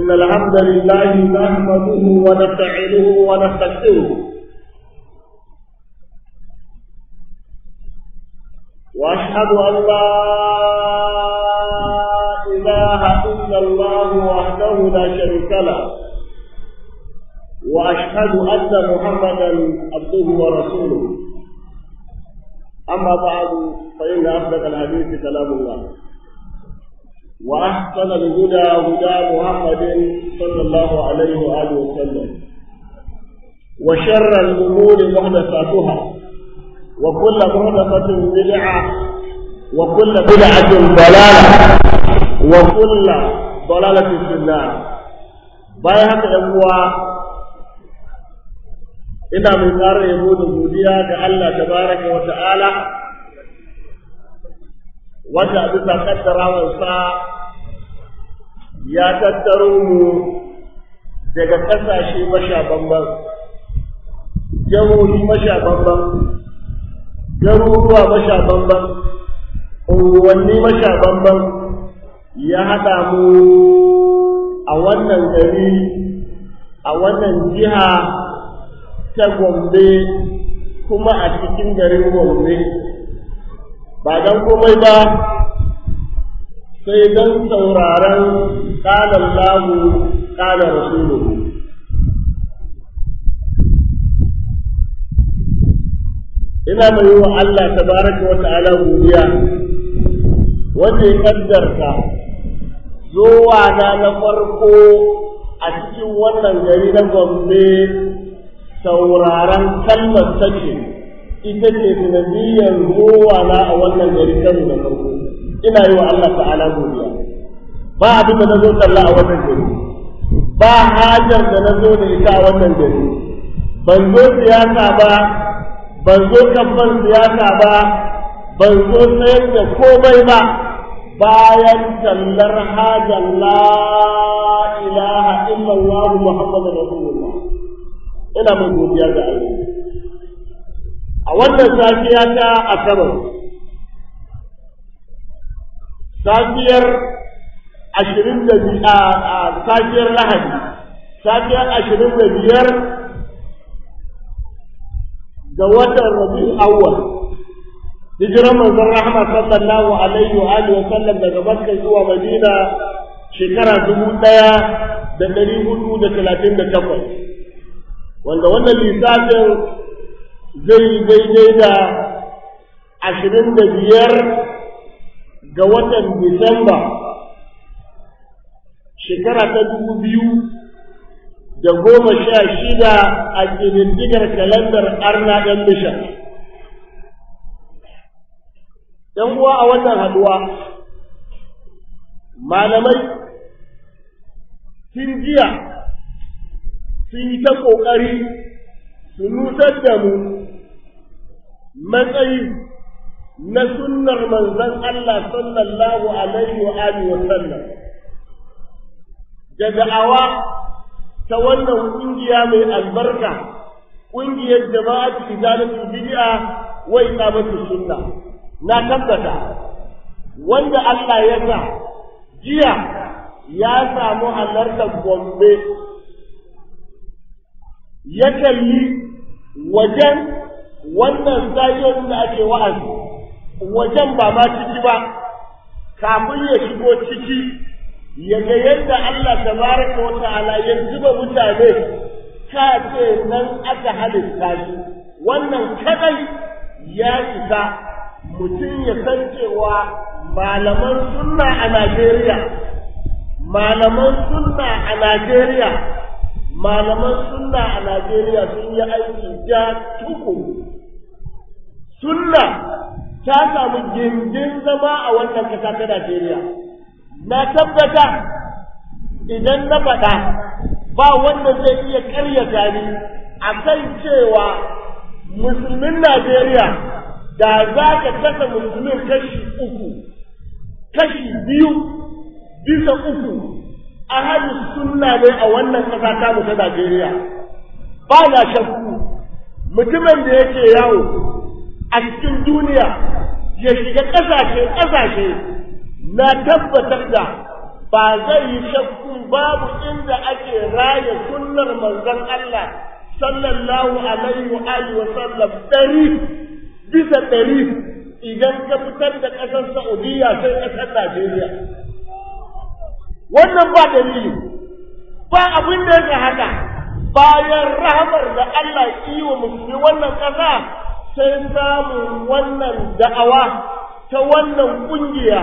إن الحمد لله نحمده ونستعينه ونستغفره وأشهد أن لا إله إلا الله وحده لا شريك له وأشهد أن محمدا عبده ورسوله أما بعد فإن أصدق الحديث كلام الله وأحسن الهدى هدى محمد صلى الله عليه وآله وسلم وشر الأمور محدثاتها وكل محدثة بدعة وكل بدعة ضلالة وكل ضلالة في النار bayan haka ‘yan uwa ina mai ƙara yabo da godiya ga Allah ta baraka wa ta'ala wanda bisa kaddara wansa ya tattaro mu daga ƙasashe masha bambam, jamhuri masha bambam, garuruwa masha bambam, unguwanni masha bambam, ya haɗa mu a wannan gari, a wannan jiha ta Gombe kuma a cikin garin Gombe. Ba don komai ba, sai don sauraron قال الله قال رسوله ina mai yi wa Allah tabaraka wa ta'ala godiya wanda ya kaddarta zuwa na na farko a cikin wannan gari na Gombe sauraron kalmar take ita ce sanadiyyar zuwa na a wannan gari Kano na farko ina yi wa Allah ta'ala godiya ba abin da na zo a wannan gari ba hajar da na zo da ita a wannan gari ban zo siyasa ba ban zo kamfan siyasa ba ban zo sayar da komai ba bayan tallar hajar la ilaha illallah muhammadu rasulullah ina mai godiya ga Allah a wannan safiya ta asabar safiyar ashirin da A safiyar lahadi safiyar ashirin da biyar ga watan rabi'u awwal hijiran manzon rahama sallallahu alaihi wa alihi wa sallam daga makka zuwa madina shekara dubu ɗaya da dari hudu da talatin da takwas wanda wannan lissafin zai daidai da ashirin da biyar ga watan disamba shekara ta dubu biyu da goma sha shida a ƙididdigar kalandar arna ɗan bisha. ‘Yan uwa a wannan haɗuwa, malamai sun jiya sun yi ta ƙoƙari su nutar da mu matsayi na sunnar manzon Allah sallallahu alaihi wa wa sallam. da da'awa ta wannan ƙungiya mai albarka ƙungiyar jama'atu izalatul bid'a wai iqamatus sunna na tabbata wanda Allah ya sa jiya ya samu halartar Gombe ya kalli wajen wannan zayon da ake wa'azi wajen ba ma ciki ba kafin ya shigo ciki yaga yadda Allah ta baraka wa ta'ala ya zuba mutane ka ce nan aka halitta shi wannan kadai ya isa mutum ya san cewa malaman sunna a Najeriya malaman sunna a Najeriya malaman sunna a Najeriya sun yi aiki ja tuku. sunna ta samu gindin zama a wannan kasa ta Najeriya na tabbata idan na faɗa ba wanda zai iya ƙaryata ni a kan cewa musulmin Najeriya da za ka kasa musulmin kashi uku, kashi biyu bisa uku a hannun sunna ne a wannan ƙasa ta ta Najeriya. Ba na shakku mutumin da yake yawo a cikin duniya ya shiga ƙasashe ƙasashe na tabbatar da ba zai yi shakku babu inda ake raya sunnar manzon Allah sallallahu alaihi wa wa sallam dari bisa dari idan ka fitar da ƙasar Saudiya sai ƙasar Najeriya wannan ba dalili ba abin da yake haka bayan rahmar da Allah yi wa musulmi wannan ƙasa sai samun wannan da'awa ta wannan ƙungiya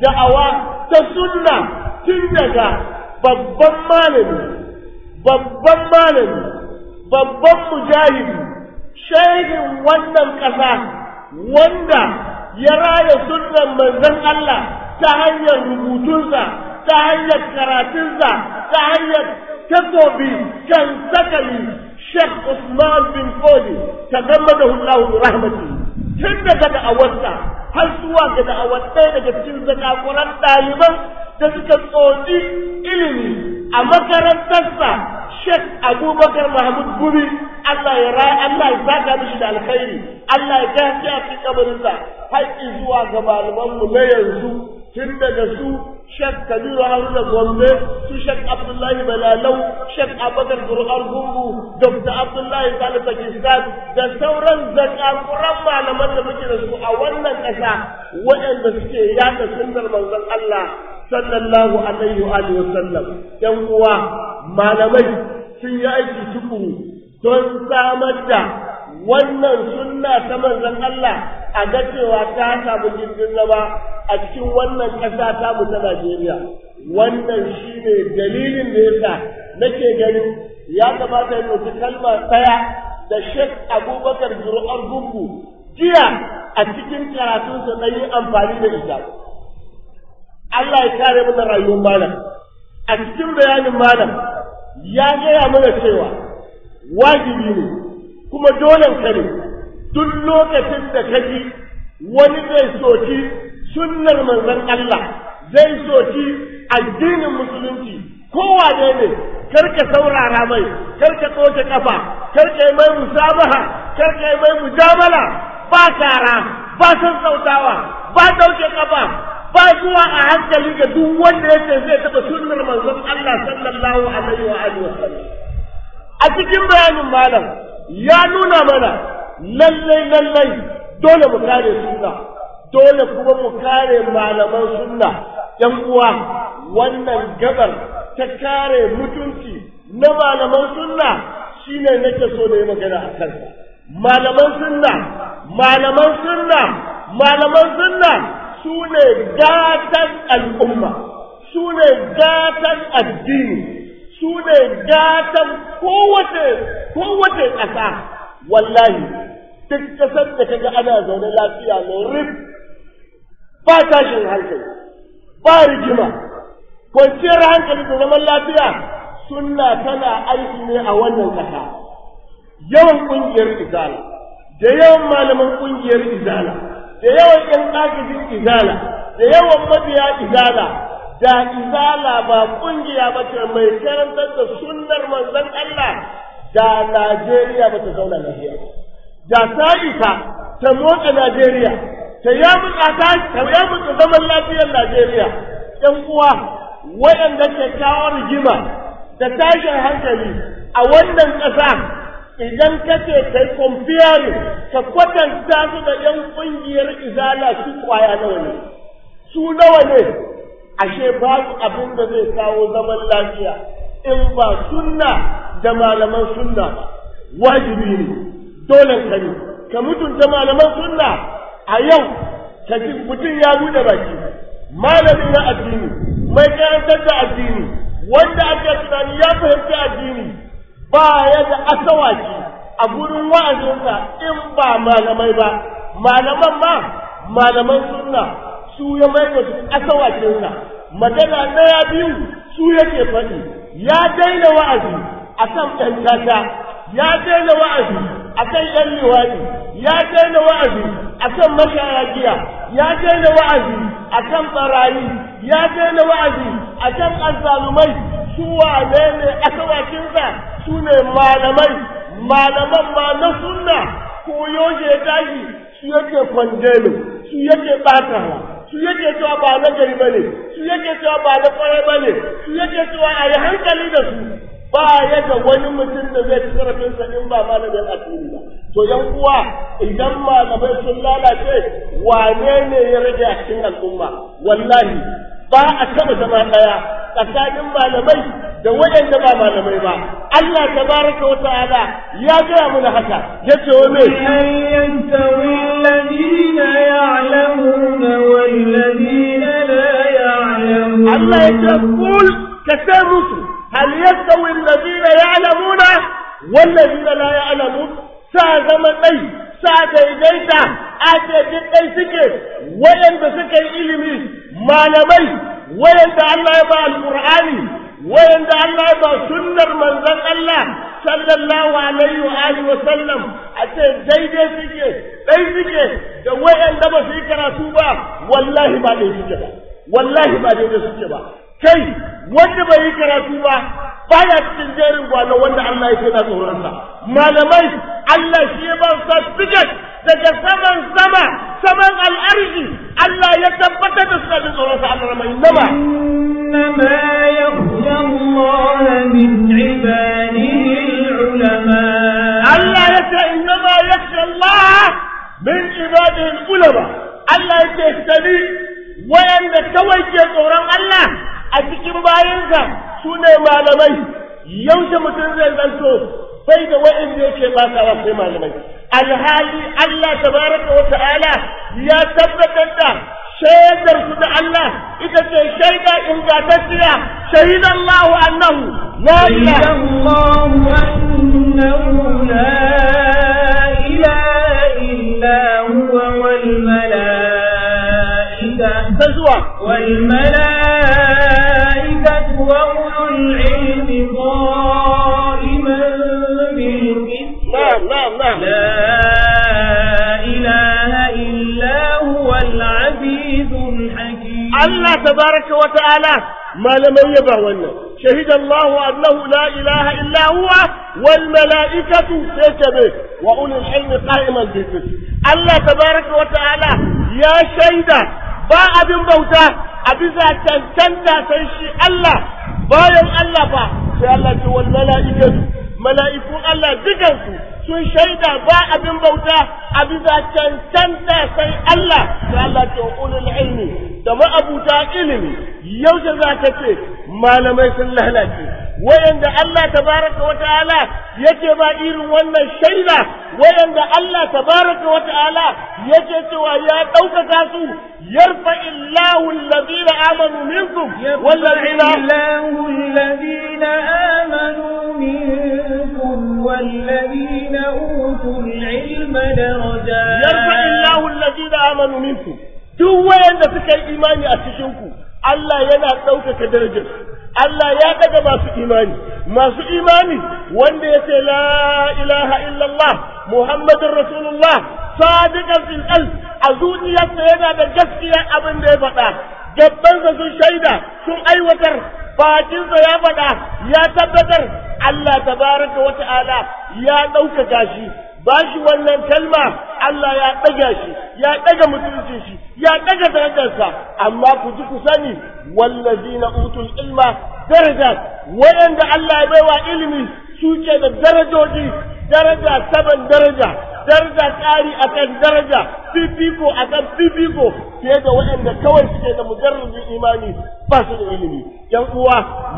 da'awa ta sunna tun daga babban malami babban malami babban mujahidi shaidin wannan ƙasa wanda ya raya sunnan manzon Allah ta hanyar rubutunsa ta hanyar karatunsa ta hanyar takobi kan sakali Sheikh Usman bin Fodi da Allah rahmatihi tun daga da'awarsa har zuwa ga da'awar ɗaya daga cikin zakakuran ɗaliban da suka tsotsi ilimi a makarantarsa Sheikh Abubakar Mahmud Gumi Allah ya raya Allah ya zaka mishi da alkhairi Allah ya kai a cikin kabarinsa har zuwa ga malamanmu na yanzu tun da su shek kabiru haruna gombe su shek abdullahi balalau shek abakar guru'ar gungu dr abdullahi sale pakistan da sauran zakakuran malaman da muke da su a wannan ƙasa waɗanda suke yaɗa sunnar manzon allah sallallahu alaihi wa sallam yan uwa malamai sun yi aiki tukuru don samar da wannan sunna ta manzon Allah a ga cewa ta samu jirgin zama a cikin wannan ƙasa ta mu ta Najeriya wannan shi ne dalilin da yasa nake ganin ya kamata yin wasu kalma ɗaya da Sheikh Abubakar Jiru'ar Gungu jiya a cikin karatunsa na yi amfani da ita Allah ya kare mana rayuwar malam a cikin bayanin malam ya gaya mana cewa wajibi ne kuma dole ka ne duk lokacin da ka ji wani zai soci sunnar manzon Allah zai soci addinin musulunci kowa ne ne karka saurara mai karka tsoke kafa karka yi mai musabaha karka yi mai mujamala ba tara ba sautawa ba dauke kafa ba zuwa a hankali ga duk wanda yake zai taɓa sunnar manzon Allah sallallahu alaihi wa alihi wa sallam a cikin bayanin malam ya nuna mana lallai lallai dole mu kare suna, dole kuma mu kare malaman sunna yan uwa wannan gabar ta kare mutunci na malaman sunna shine nake so da yi magana a kansa malaman sunna malaman sunna malaman sunna su ne gatan al'umma su ne gatan addini su ne gatan kowace kowace ƙasa wallahi duk ƙasar da kaga ana zaune lafiya mai rif ba tashin hankali ba rigima kwanciyar hankali da zaman lafiya suna tana aiki ne a wannan ƙasa yawan ƙungiyar izala da yawan malaman ƙungiyar izala da yawan ƴan ɗagajin izala da yawan mabiya izala da izala ba kungiya ba ce mai karantar da sunnar manzon Allah da Najeriya ba ta zauna ba. da ta isa ta motsa Najeriya ta mutsa ta ta zaman lafiyar Najeriya Yan uwa waɗanda ke kawo rigima da tashin hankali a wannan ƙasa idan ka ce ka yi ka kwatanta su da ‘yan ƙungiyar izala su kwaya nawa ne su nawa ne ashe babu abin da zai kawo zaman lafiya in ba sunna da malaman sunna ba wajibi ne dole ka ne ka mutunta malaman sunna a yau ka ji mutum ya bude baki malami na addini mai karantar da addini wanda aka tunani ya fahimci addini ba ya da asawaki a gurin wa'azinsa in ba malamai ba malaman ma malaman sunna su ya mai da duk magana ɗaya biyu su yake faɗi ya daina wa'azi a kan ɗan tata ya daina wa'azi a kan ɗan liwaɗi ya daina wa'azi a akan mashaya ya daina wa'azi a kan barayi ya daina wa'azi a akan azzalumai su wane ne asawakinsa su ne malamai malaman ma na sunna koyo ya daji su yake kwandelo su yake ɓatawa su yake cewa ba na gari bane su yake cewa ba na kwarai bane su yake cewa a yi hankali da su ba ya da wani mutum da zai ci sa in ba malamin addini ba to yan uwa idan malamai sun lalace wane ne ya rage a cikin al'umma wallahi ba a taba zama ɗaya tsakanin malamai da wayanda ba malamai ba Allah tabaraka wa ta'ala ya gaya mana haka yace wa me ya'lamuna la Allah ya ce kul ka musu hal yastawi alladhina ya'lamuna wallazina la ya'lamun sa zama dai sa daidaita a ce duk dai suke yi ilimi malamai wayanda Allah ya ba alqur'ani wayanda Allah ya ba sunnar manzon Allah sallallahu alaihi wa wa sallam a ce daidai suke dai da wayanda ba su yi karatu ba wallahi ba dai suke ba wallahi ba daidai suke ba kai wanda bai yi karatu ba baya cikin jerin gwano wanda Allah ya tsoron sa malamai Allah shi ya ba certificate daga saman sama saman al'arji Allah ya tabbata da su da tsoron sa Allah mai nama min إنما يخشى الله من عباده العلماء الله يخشى إنما يخشى الله من عباده العلماء الله يخشى kawai ke tsoron Allah a cikin bayansa su ne malamai yaushe mutum zai zanto sai da wa'inda yake ba sa sai malamai alhali Allah tabaraka wa ta'ala ya tabbatar da shaidar su da Allah ita ce shaida ingantacciya shahidan Allah annahu la ilaha annahu la ilaha illa huwa wal فزوا والملائكة وأولو العلم قائما بالقسط نعم نعم نعم لا إله إلا هو الحكيم الله تبارك وتعالى ما لم يبهون شهد الله أنه لا إله إلا هو والملائكة سيكبه وأولي العلم قائما بالقسط الله تبارك وتعالى يا شيدا ba abin bauta a bisa cancanta sai shi Allah bayan Allah fa sai Allah ce wal mala'ikatu mala'ikun Allah dukansu sun shaida ba abin bauta a bisa cancanta sai Allah sai Allah ce ulul ilmi da ma'abuta ilimi yaushe za ka ce malamai sun lalace wayanda Allah tabaraka wa ta'ala yake ba irin wannan shaida wayanda Allah tabaraka wa ta'ala yake cewa ya ɗaukaka su yarfa illahu alladhina amanu minkum walladhina illahu alladhina amanu minkum walladhina utul ilma darajat yarfa illahu alladhina amanu minkum duk wayanda suka yi imani a cikin ku Allah yana ɗaukaka darajar Allah ya daga masu imani masu imani wanda ya ce la ilaha illallah muhammadur rasulullah sadiqan fil qalb a zuciyarsa yana da gaskiya abin da ya faɗa gabbansa sun shaida sun aiwatar bakinsa ya faɗa ya tabbatar Allah tabaraka wa ta'ala ya ɗaukaka shi ba shi wannan kalma Allah ya ɗaga shi ya ɗaga mutuncin shi ya ɗaga darajarsa amma ku ji ku sani na utul ilma daraja, wayanda Allah ya baiwa ilimi ke da darajoji daraja saban daraja daraja ƙari akan daraja fifiko akan fifiko fiye da waɗanda kawai suke da mujarrabin imani ba su da ilimi yan uwa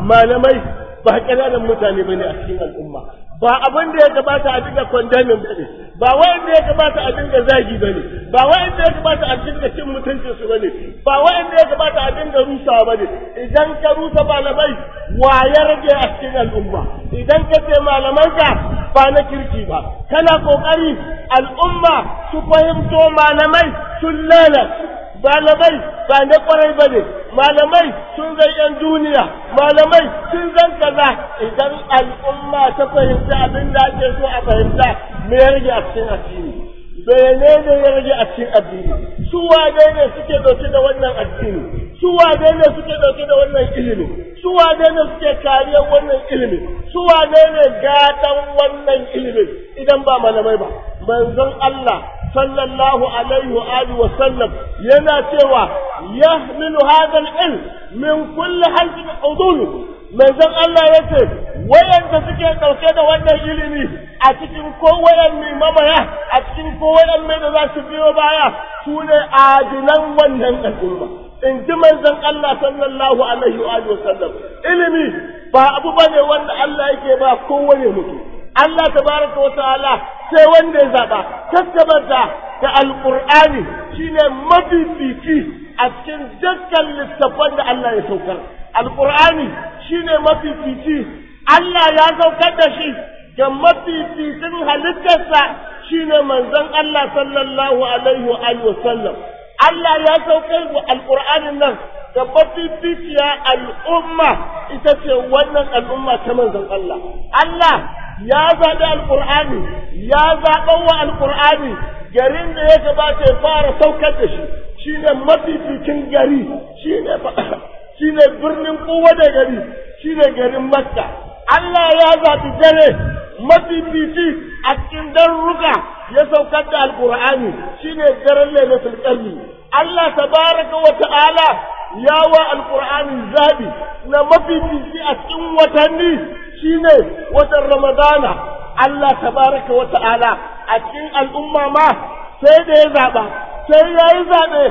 malamai ba ƙananan mutane bane a cikin al'umma ba abin da ya gabata a dinga condemning bane ba da ya gabata a dinga zagi bane ba da ya gabata a dinga cin mutuncin su bane ba da ya gabata a dinga rusa bane idan ka rusa malamai wa ya rage a cikin al'umma idan ka ce malamanka ba na kirki ba kana kokari al'umma su fahimto malamai sun lalace malamai ba na kwarai ba ne malamai sun zan yan duniya malamai sun zan kaza idan al'umma ta fahimta abin da ake so a fahimta mayar ya rage a cikin addini menene ya rage a cikin addini su wane ne suke dauke da wannan addini su wane ne suke dauke da wannan ilimi su wane ne suke kariyar wannan ilimi su wane ne gadan wannan ilimi idan ba malamai ba manzon Allah sallallahu alaihi wa alihi wa sallam yana cewa yahmilu hadha al-ilm min kulli halqin udulu manzon Allah yace wayanda suke dauke da wannan ilimi a cikin kowane mamaya a cikin mai da za su biyo baya su ne adilan wannan al'umma in ji manzon Allah sallallahu alaihi wa sallam ilimi ba abu bane wanda Allah yake ba kowane mutum Allah tabaraka wa ta'ala sai wanda ya zaba tattabarta da alqur'ani shine mafifici a cikin dukkan littafan da Allah ya saukar alqur'ani shine mafifici Allah ya saukar da shi da mafificin halittarsa shine manzon Allah sallallahu alaihi wa sallam Allah ya saukar wa alqur'anin nan da mafificiya al'umma ita ce wannan al'umma ta manzon Allah Allah ya zaɓi alqur'ani ya zaɓan wa Alƙur'ani garin da ya gabata ya fara saukar da shi shine mafificin gari shi ne birnin kowa da gari ne garin Makka Allah ya zaɓi dare mafifici a cikin darruka ya saukar da alkur'ani shine daren lailatul qadri Allah tabaraka wa ta'ala ya wa alkur'ani zabi na mafifici a cikin watanni shine watan ramadana Allah tabaraka wa ta'ala a cikin al'umma ma sai da ya zaba sai ya yi zaɓe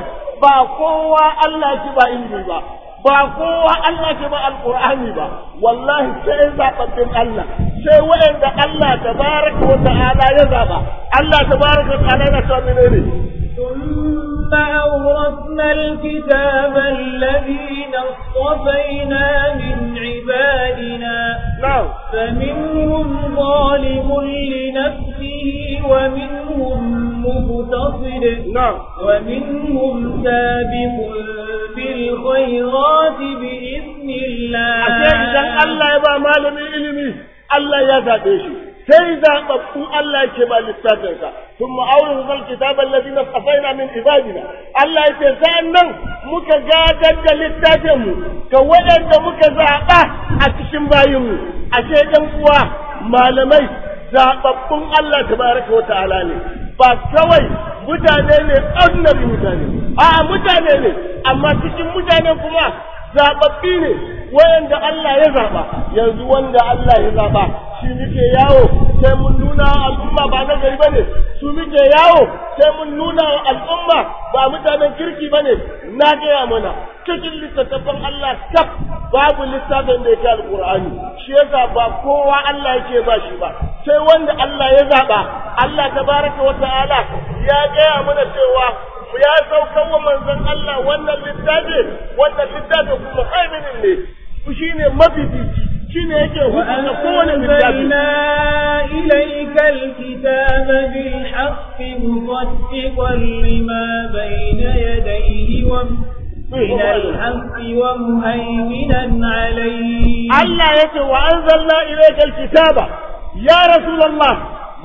ba kowa Allah ya ba inji ba ba kowa Allah ke ba alqur'ani ba wallahi sai zababbin Allah sai waɗanda Allah tabaraka wa ta'ala ya zaba Allah tabaraka wa ta'ala ya sa ثم أورثنا الكتاب الذين اصطفينا من عبادنا نعم. فمنهم ظالم لنفسه ومنهم مقتصد نعم. ومنهم سابق بالخيرات بإذن الله أشياء الله يبقى مالي من إلمي الله يزاد sai zaɓaɓɓu Allah yake ba lissafinsa sun ma'aurin zal kitabar lafi na min ibadina Allah yake sa'an nan muka gadar da littafinmu ga waɗanda muka zaɓa a cikin bayinmu a ce ɗan uwa malamai zaɓaɓɓun Allah tabaraka wa ta'ala ne ba kawai mutane ne ordinary mutane a'a mutane ne amma cikin mutanen kuma zaɓaɓɓi ne waɗanda Allah ya zaɓa yanzu wanda Allah ya zaɓa shi muke yawo sai mun nuna al'umma ba na gari bane su muke yawo sai mun nuna al'umma ba mutanen kirki bane na gaya mana cikin littattafan Allah kaf babu littafin da yake alqur'ani shi yasa ba kowa Allah yake ba shi ba sai wanda Allah ya zaba Allah tabaraka wa ta'ala ya gaya mana cewa ya saukar wa manzon Allah wannan littafi wannan littafin kuma haiminin ne shi ne mafifici وأنزلنا إليك الكتاب بالحق مصدقا لما بين يديه ومن إيه، الحق ومهيمنا عليه الله يقول وأنزلنا إليك الكتاب يا رسول الله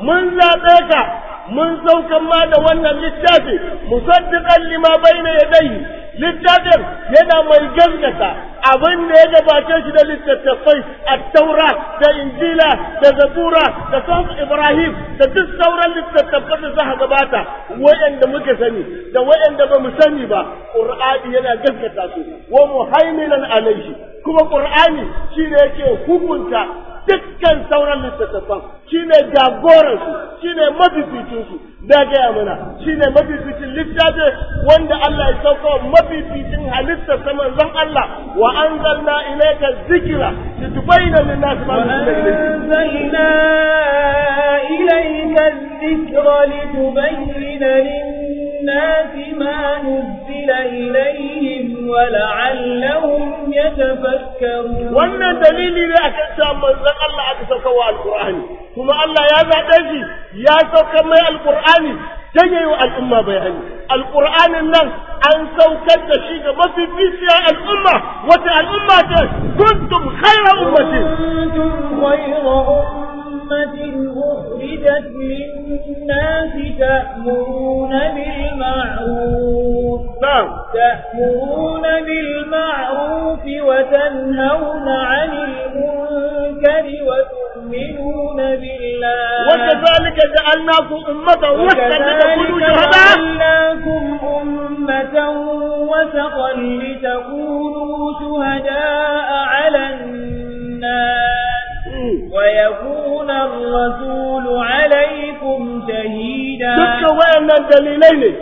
من ذا mun saukan ma da wannan littafi musaddiqan lima bayna yadayhi littafin yana mai gaskata abin da ya gabace shi da littattafai a taura da injila da zabura da sauku ibrahim da duk sauran littattafai da za gabata wayanda muka sani da wayanda ba mu sani ba qur'ani yana gaskata su wa muhaiminan alaihi kuma qur'ani shi ne yake hukunta dukkan sauran littattafan shi jagoran su shi ne su da gaya mana shine mafificin littafi wanda Allah ya sauka mafificin halitta saman manzon Allah wa an anzalna zikira. dhikra litubayyana lin-nas ma anzalna ilayka dhikra litubayyana lin النَّاسِ مَا نُزِّلَ إِلَيْهِمْ وَلَعَلَّهُمْ يَتَفَكَّرُونَ وإن دَلِيلِ لِلَّهِ كَسَامَ زَقَ اللَّهَ كَسَوَى الْقُرْآنِ ثم الله يا تجي يا سوكما القرآن تجيو الأمة بيعني. القرآن الناس أن سوكت تشيك ما في بيسيا الأمة وتي الأمة كنتم خير أمة كنتم خير أمة أخرجت للناس تأمرون بالمعروف نعم تأمرون بالمعروف وتنهون عن المنكر وتؤمنون بالله وكذلك جعلناكم أمة وسطا لتكونوا شهداء جعلناكم أمة وسطا لتكونوا شهداء على الناس ويكون يكون الرسول dalilai ne a kan دليلين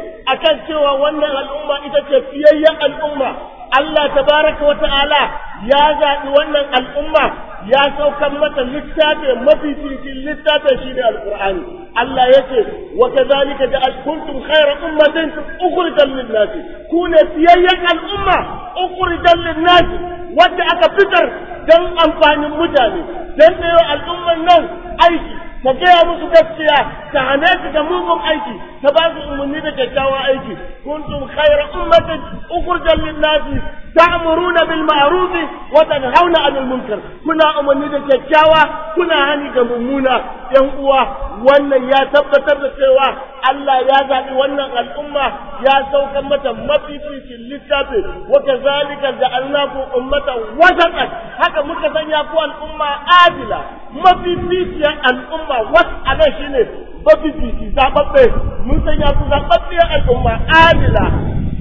cewa wannan al'umma ita ce fiyayyen al'umma Allah tabaraka wa ta'ala ya zaɓi wannan al'umma ya saukar mata littafi mafi cikin littafin shi ne alƙur'ani Allah ya ce wa kadhalika ja'alkuntum khayra ummatin ukhrijat lin-nasi ku ne fiyayyen al'umma ukhrijat lin-nasi wadda aka fitar don amfanin mutane don da yau al'ummar nan aiki ta gaya musu gaskiya ta hane su da mugun aiki ta ba su umarni da kyakkyawan aiki kuntum khayra ummatin ukhrijat lin-nasi ta'muruna bil ma'ruf wa tanhauna 'anil munkar kuna umarni da kyakkyawa kuna hani ga mummuna yan uwa wannan ya tabbatar da cewa Allah ya zaɓi wannan al'umma ya saukar mata mafificin littafi wa kazalika ja'alnakum wata wasatan haka muka sanya ku al'umma adila mafificiyar al'umma wata wasana shine mafifici zaɓaɓɓe mun sanya ku zababbiyar al'umma adila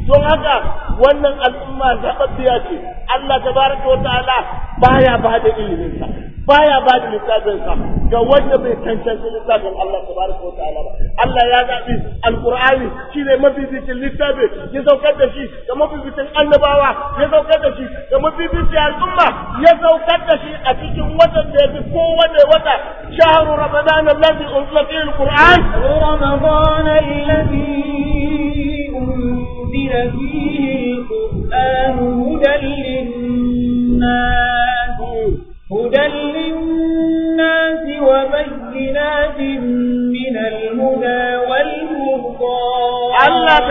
don haka wannan al'umma zababbiya ce Allah ta baraka wa ta'ala baya ba da iliminsa baya ba da littafinsa ga wanda bai cancanci littafin Allah tabaraka wa ta'ala ba Allah ya zaɓi alqur'ani shine mafificin littafi ya saukar da shi ga mafificin annabawa ya saukar da shi ga mafificin al'umma ya saukar da shi a cikin watan da ya fi kowane wata shahru ramadan alladhi unzila fihi alqur'an ramadan alladhi unzila fihi alqur'an hudan lil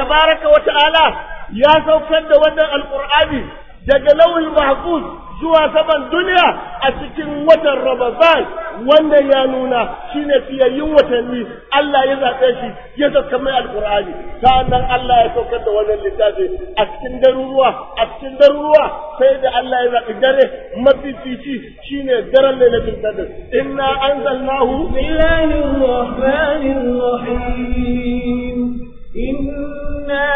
tabaraka wa ta'ala ya saukar da wannan alkur'ani daga lawul mahfuz zuwa saman duniya a cikin watan Ramadan wanda ya nuna shine fiyayyun watanni Allah ya zaɓe shi ya saka mai alƙur'ani sa'annan Allah ya saukar da wannan littafi a cikin daruruwa a cikin daruruwa sai da Allah ya zaɓi dare mafifici shine daren lailatul qadr inna anzalnahu billahi rahmanir rahim إنا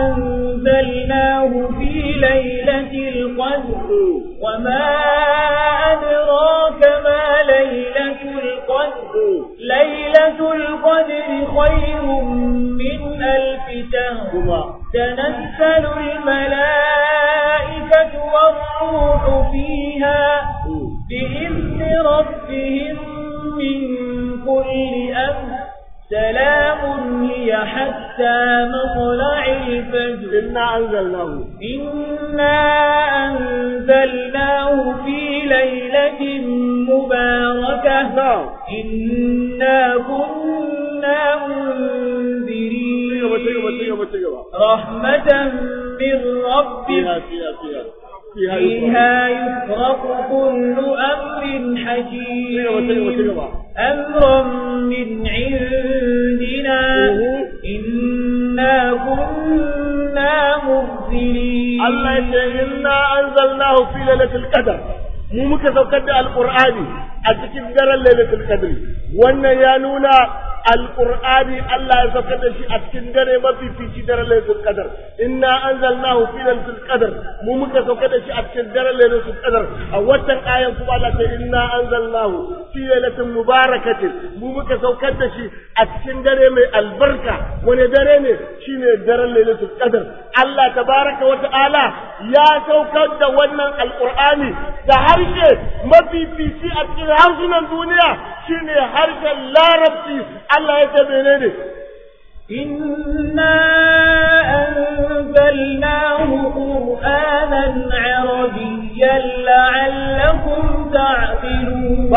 أنزلناه في ليلة القدر وما أدراك ما ليلة القدر ليلة القدر خير من ألف تهوى تنزل الملائكة والروح فيها بإذن ربهم من كل أمر سلام هي حتى مطلع الفجر إنا أنزلناه إنا أنزلناه في ليلة مباركة نعم إنا كنا منذرين رحمة من ربك فيها فيها يفرق كل أمر حكيم أمرا من عندنا إنا كنا مرسلين الله يتعلم إنا أنزلناه في ليلة القدر ممكن تقدر القرآن أتكذر ليلة القدر وأن يانونا alqur'ani Allah ya saukar da shi a cikin dare mafi fici dare lailatul qadar inna anzalnahu fi lailatul qadar mu muka saukar da shi a cikin dare lailatul qadar a watan ayan kuma Allah ta inna anzalnahu fi lailatin mubarakatin mu muka saukar da shi a cikin dare mai albarka wani dare ne shine daren lailatul qadar Allah tabaraka wa ta'ala ya saukar da wannan alqur'ani da harshe mafi a cikin harsunan duniya shine harshen larabci الله ya إنا أنزلناه قرآنا عربيا لعلكم تعقلون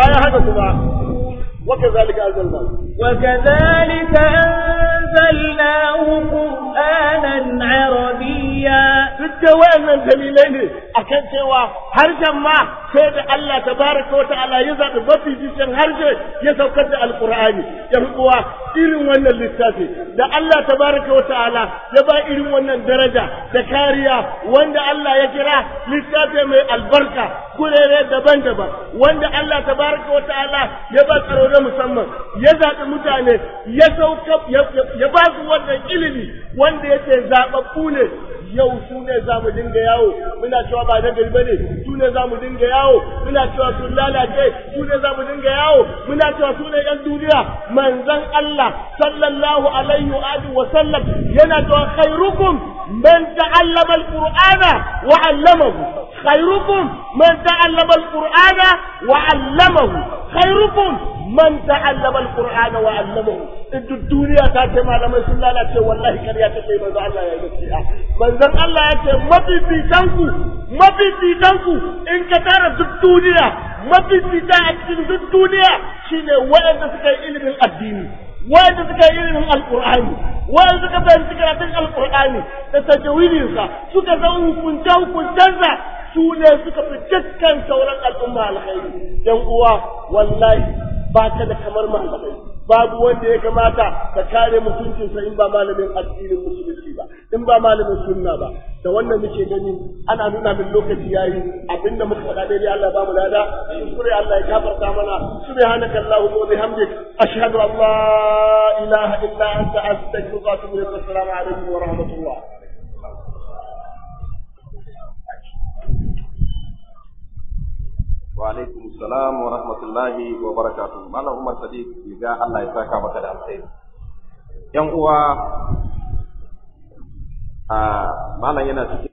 وكذلك أنزلناه وكذلك أنزلناه قرآنا عربيا بالجوان من دليلين أكيد سوى هرجم ما sai da Allah tabaraka wa ta'ala ya zaɓi mafi jishin harshe ya saukar da alƙur'ani yan uwa irin wannan littafi da Allah tabaraka wa ta'ala ya ba irin wannan daraja da kariya wanda Allah ya kira littafi mai albarka kulere daban-daban wanda Allah tabaraka wa ta'ala ya ba tsaro na musamman ya zaɓi mutane ya saukar ya ba su wannan ilimi wanda yake zaɓaɓɓu ne yau su ne za mu dinga yawo muna cewa ba na gari ba ne su ne za mu dinga yawo yawo muna cewa sun lalace su ne za mu dinga yawo muna cewa su ne yan duniya manzon Allah sallallahu alaihi wa alihi wa sallam yana cewa khairukum man ta'allama alqur'ana wa 'allamahu khairukum man ta'allama alqur'ana wa 'allamahu khairukum man ta'allama alqur'ana wa 'allamahu duk duniya ta ce malamai sun lalace wallahi kariya ta ce manzo Allah ya gaskiya manzon Allah ya ce mafifitan ku mafifitan ku in ka tara duk duniya mafifita a cikin duk duniya shine waɗanda suka yi ilimin addini waɗanda suka yi ilimin alqur'ani waɗanda suka fahimci karatun alqur'ani da tajawidinsa suka san hukunce sa su ne suka fi dukkan sauran al'umma alkhairi yan uwa wallahi ba ka da kamar malamai babu wanda ya kamata ka kare mutuncinsa in ba malamin addinin musulunci ba in ba malamin sunna ba da wannan muke gani ana nuna min lokaci yayi abinda muka faɗa daidai Allah ba mu lada kure Allah ya kafarta mana subhanaka allahumma wa bihamdik ashhadu an la ilaha illa anta astaghfiruka wa atubu ilaik assalamu alaikum wa rahmatullah wa salam wa rahmatullahi wa barakatuh umar sadiq riga Allah ya saka maka da alkhairi yan uwa a yana cikin